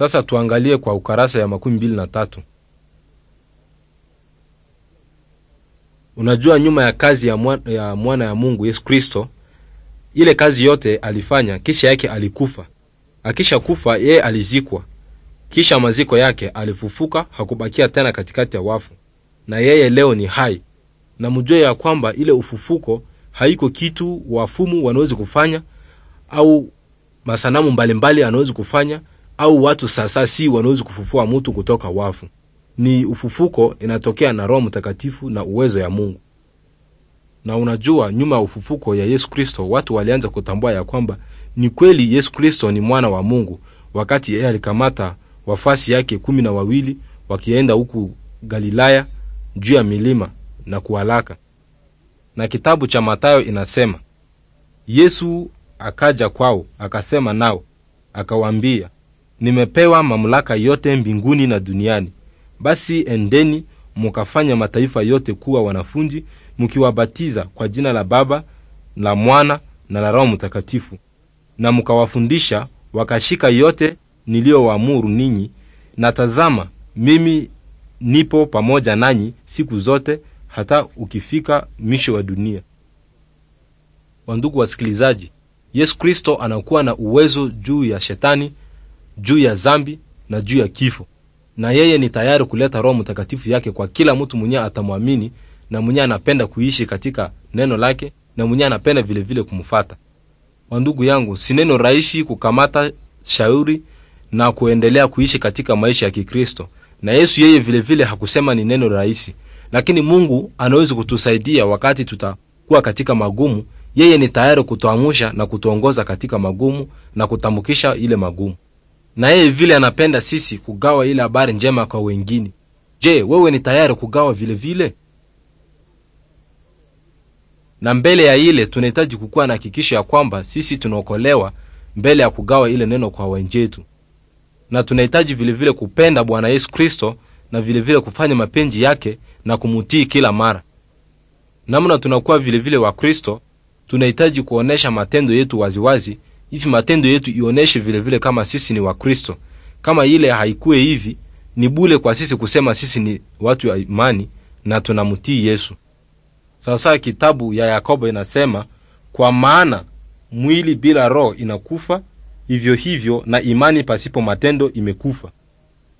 Sasa tuangalie kwa ukarasa ya makumi mbili na tatu. Unajua, nyuma ya kazi ya mwana ya, mwana ya Mungu Yesu Kristo, ile kazi yote alifanya, kisha yake alikufa. Akisha kufa yeye alizikwa, kisha maziko yake alifufuka, hakubakia tena katikati ya wafu, na yeye leo ni hai. Na mjue ya kwamba ile ufufuko haiko kitu wafumu wanawezi kufanya au masanamu mbalimbali anawezi kufanya au watu sasa si wanaweza kufufua mtu kutoka wafu. Ni ufufuko inatokea na Roho Mtakatifu na uwezo ya Mungu. Na unajua, nyuma ya ufufuko ya Yesu Kristo watu walianza kutambua ya kwamba ni kweli Yesu Kristo ni mwana wa Mungu, wakati yeye alikamata wafasi yake kumi na wawili wakienda huku Galilaya juu ya milima na kualaka. Na kitabu cha Mathayo inasema Yesu akaja kwao, akasema nao, akawambia, nimepewa mamlaka yote mbinguni na duniani. Basi endeni mukafanya mataifa yote kuwa wanafunzi, mkiwabatiza kwa jina la Baba, la Mwana na la Roho Mtakatifu, na mukawafundisha wakashika yote niliyowaamuru ninyi, na tazama, mimi nipo pamoja nanyi siku zote hata ukifika mwisho wa dunia. Wandugu wasikilizaji, Yesu Kristo anakuwa na uwezo juu ya shetani juu ya zambi na juu ya kifo, na yeye ni tayari kuleta Roho Mtakatifu yake kwa kila mtu mwenye atamwamini na mwenye anapenda kuishi katika neno lake na mwenye anapenda vilevile kumfata. Wandugu yangu, si neno rahisi kukamata shauri na kuendelea kuishi katika maisha ya Kikristo, na Yesu yeye vilevile vile hakusema ni neno rahisi, lakini Mungu anaweza kutusaidia wakati tutakuwa katika magumu. Yeye ni tayari kutuamusha na kutuongoza katika magumu na kutambukisha ile magumu na yeye vile anapenda sisi kugawa ile habari njema kwa wengine. Je, wewe ni tayari kugawa vile vile? Na mbele ya ile tunahitaji kukuwa na hakikisho ya kwamba sisi tunaokolewa mbele ya kugawa ile neno kwa wenjetu, na tunahitaji vile vile kupenda Bwana Yesu Kristo na vile vile kufanya mapenzi yake na kumutii kila mara. Namna tunakuwa vile vile wa Kristo, tunahitaji kuonesha matendo yetu waziwazi wazi hivi matendo yetu ionyeshe vilevile kama sisi ni Wakristo. Kama ile haikuwe hivi, ni bule kwa sisi kusema sisi ni watu wa imani na tunamtii Yesu. Sasa kitabu ya Yakobo inasema, kwa maana mwili bila roho inakufa, hivyo hivyo na imani pasipo matendo imekufa.